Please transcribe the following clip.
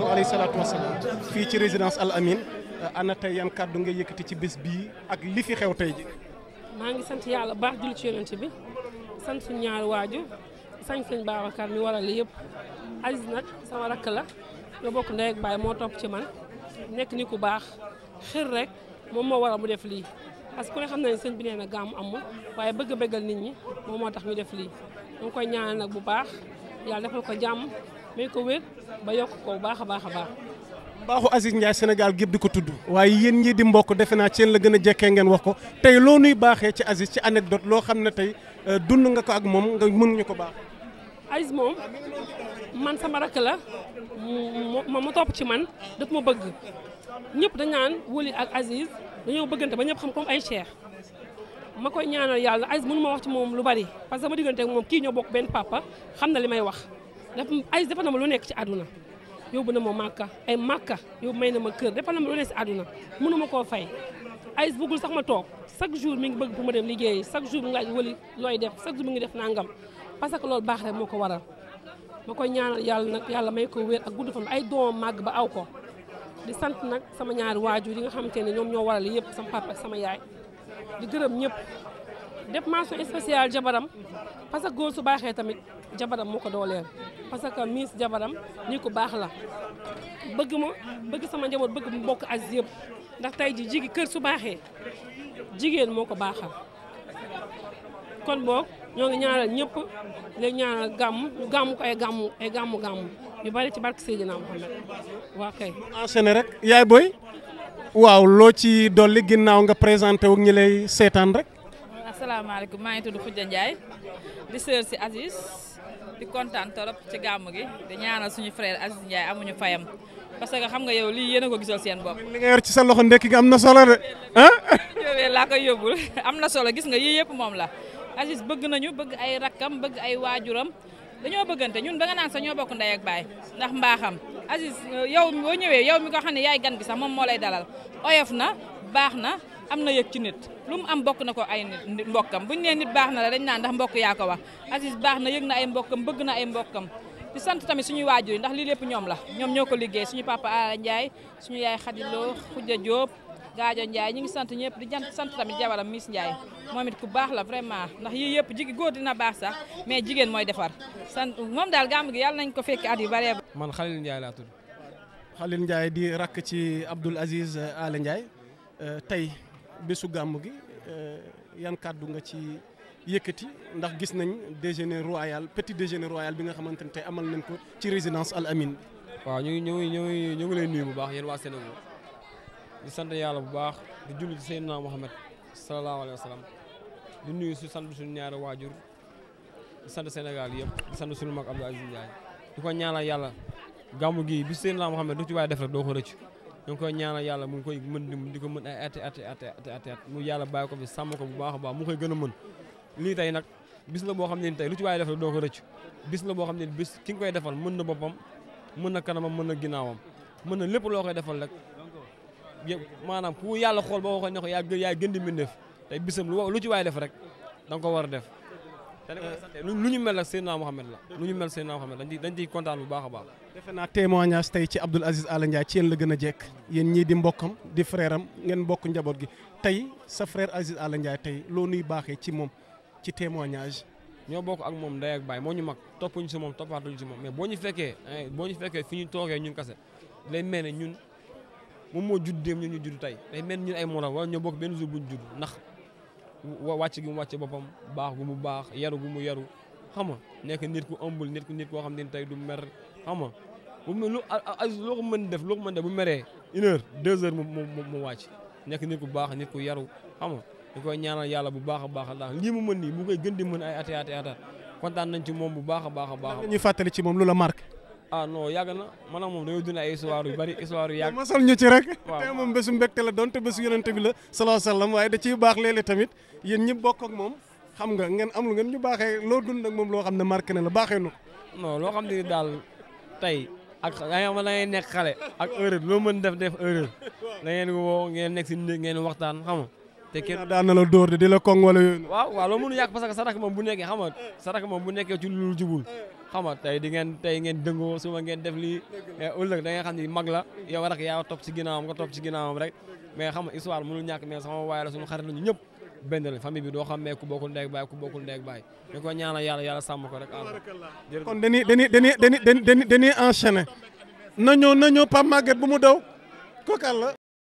Adam alayhi salaatu wa salaam fii ci résidence Al Amine euh, ana tey yan kàddu nga yëkkati ci bés bii ak li fi xew tey ji maa ngi sant yàlla baax julli ci yonent bi sant suñu ñaari waajur sañ sëñ Babacar mi waral lii yëpp Aziz nag sama rakk la ñoo bokk ndey ak baay moo topp ci man nekk ni ku baax xir rek moom moo waral mu def lii parce que ku ne xam na ne sëñ bi nee na gàmm amul waaye bëgg a bëggal nit ñi moom moo tax ñu def lii ñu koy ñaanal nag bu baax jàmm may ko wér ba yokk ko baax a baax a baax. baaxu Aziz Ndiaye Sénégal gépp di ko tudd waaye yéen ñii di mbokk defe naa ci yéen la gën a jekkee ngeen wax ko tey loo nuy baaxee ci Aziz ci anecdote loo xam ne tey euh, dund nga ko ak moom nga mën ñu ko baax. Aziz moom man sama rakk la mu mu topp ci man daf ma bëgg ñëpp dañ naan Wouly ak Aziz dañoo bëggante ba ñëpp xam comme ay cheikh ma koy ñaanal yàlla Aziz mënu ma wax ci moom lu bari parce que sama diggante ak moom kii ñoo bokk benn papa xam na li may wax. dafa ay defal lu nekk ci àdduna yóbbu na moo màkka ay màkka yóbbu may na ma kër defal na ma lu nekk ci àdduna mënu ma koo fay ay bëggul sax ma toog chaque jour mi ngi bëgg pour ma dem liggéeyi chaque jour mu ngi laaj wëli looy def chaque jour mi ngi def nangam parce que loolu baax rek moo ko waral ma koy ñaanal yàlla nag yàlla may ko wér ak gudd fan ay doomam màgg ba aw ko di sant nag sama ñaari waajur yi nga xamante ne ñoom ñoo waral yëpp sama papa ak sama yaay di gërëm ñëpp def mention spéciale jabaram parce que góor su baaxee tamit jabaram moo ko dooleel parce que Miss jabaram ni ko baax la bëgg ma bëgg sama njaboot bëgg mbokk as yëpp ndax tey ji jigi kër su baaxee jigéen moo ko baaxal kon boog ñoo ngi ñaanal ñëpp léegi ñaanal gàmmu gàmmu ko ay gàmmu ay gàmmu gàmmu yu bari ci barke Seydina Mouhamed waa kay. enchaîné rek yaay booy waaw loo ci dolli ginnaaw nga présenté wu ñu lay seetaan rek. salaamaaleykum maa ngi tudd Khoudia Ndiaye di sœur si Aziz di kontaan torop ci gàmm gi di ñaanal suñu frère Aziz Ndiaye amuñu fayam parce que xam nga yow lii yéen a ko gisal seen bopp. li nga yor ci sa loxo ndekki gi am na solo de. ah laa koy yóbbul am na solo gis nga yii yëpp moom la Aziz bëgg nañu bëgg ay rakkam bëgg ay waajuram dañoo bëggante ñun da nga naan sax ñoo bokk ndey ak baay ndax mbaaxam Aziz yow boo ñëwee yow mi ko xam ne yaay gan gi sax moom moo lay dalal oyof na baax na. am na yëg ci nit lu mu am bokk na ko ay nit mbokkam buñu nee nit baax na la dañ naan ndax mbokk yaa ko wax Aziz baax na yëg na ay mbokkam bëgg na ay mbokkam di sant tamit suñu waajur yi ndax lii lépp ñoom la ñoom ñoo ko liggéey suñu papa Ala Ndiaye suñu yaay Xadiloo Xuja Diop Gaajo Ndiaye ñu ngi sant ñëpp di jant sant tamit jabaram Miss Ndiaye moom it ku baax la vraiment ndax yii yëpp jigéen góor dina baax sax mais jigéen mooy defar sant moom daal gàmm yàlla nañ ko fekk at yu bare man Khalil Ndiaye laa tudd Khalil Ndiaye di rakk ci Abdoul Aziz Ala Ndiaye euh, tey bésu gàmm gi euh, yan kàddu nga ci yëkkati ndax gis nañ déjeuner royal petit déjeuner royal bi nga xamante ne tey amal nañ ko ci résidence Al Amine. waaw ñu ngi ñu ngi ñu ngi lay nuyu bu baax yéen waa Sénégal di sant yàlla bu baax di julli ci Seydina Mohamed sallallahu alayhi wa sallam di nuyu su sant suñu ñaari waajur di sant Sénégal yëpp di sant suñu mag Abdou Aziz Ndiaye di ko ñaanal yàlla gàmm gi bi Seydina Mohamed du ci waaye def rek doo ko rëcc. ñu ngi koy ñaanal yàlla mu ngi koy mën di ko mën ay ati ati ati ati mu yàlla bàyyi ko fi sàmm ko bu baax a baax mu koy gën a mën lii tey nag bis la boo xam ne tey lu ci waaye def la doo ko rëcc bis la boo xam ne bis ki nga koy defal mën na boppam mën na kanamam mën na ginnaawam mën na lépp loo koy defal rek maanaam ku yàlla xool boo waxoon ne ko yaa yaa gën di mbindeef tey bisam lu ci waaye def rek da nga ko war a def. te eh, lu ñu mel nag Seydina Mohamed la. lu ñu mel Seydina Mohamed dañ ciy dañ ciy kontaan bu baax a baax. defe naa témoignage tey ci Abdoul Aziz Alla Ndiaye ci yéen la gën a jekk yéen ñii di mbokkam di frère am ngeen bokk njaboot gi tey sa frère Aziz Alla Ndiaye tey loo nuy baaxee ci moom ci témoignage. ñoo bokk ak moom ndey ak baay moo ñu mag toppuñu si moom toppaatuñu si moom mais boo ñu fekkee boo ñu fekkee fi ñu toogee ñun kase day mel ne ñun moom moo judd dem ñun ñu judd tey day mel ñun ay morom wala ñoo bokk benn bu buñ judd ndax wàcc gi mu wàcc boppam baax gu mu baax yaru gu mu yaru xam nekk nit ku ëmbul nit ku nit koo xam ne tey du mer xam nga bu mu lu Aziz loo ko mën def loo ko mën def bu meree une heure deux heures mu mu mu wàcc nekk nit ku baax nit ku yaru xam nga ñu ñaanal yàlla bu baax a baax lii mu mën nii bu koy gën di mën ay ati kontaan nañ ci moom bu baax a baax a baax. ñu fàttali ci moom lu la marqué. Ah, na man ak moom dañoo dund ay histoire yu bari ñu ci rek. waaw tey moom bésu mbégte la donte bésu yonent bi la sallallahu alayhi wa sallam waaye da ciy baax léeg-léeg tamit yéen ñi bokk ak moom xam nga ngeen am lu ngeen ñu baaxee loo dund ak moom loo xam ne marqué na la ba nu tey ak dangay xam da nekk xale ak erreur loo mën def def erreur da ngeen woo ngeen nekk si néeg ngeen waxtaan xam te kenn daan na la dóor de di la koŋ wala yooyu waaw waaw loolu mënu yàq parce que sarak moom bu nekkee xam nga sarak moom bu nekkee ci lu jubul xam nga tey di ngeen tey ngeen dëngoo suba ngeen def lii ëllëg da ngay xam ni mag la yow rek yaa topp si ginnaawam nga topp si ginnaawam rek mais xam nga histoire mënul ñàkk mais sama waay la suñu xarit lañu ñëpp benn la famille bi doo xam ne ku bokkul ndey ak baay ku bokkul ndey ak baay ñu ko ñaanal yàlla yàlla sàmm ko rek àll. kon dañuy dañuy dañuy nañoo nañoo Pape Maguette bu mu daw. kooku àll.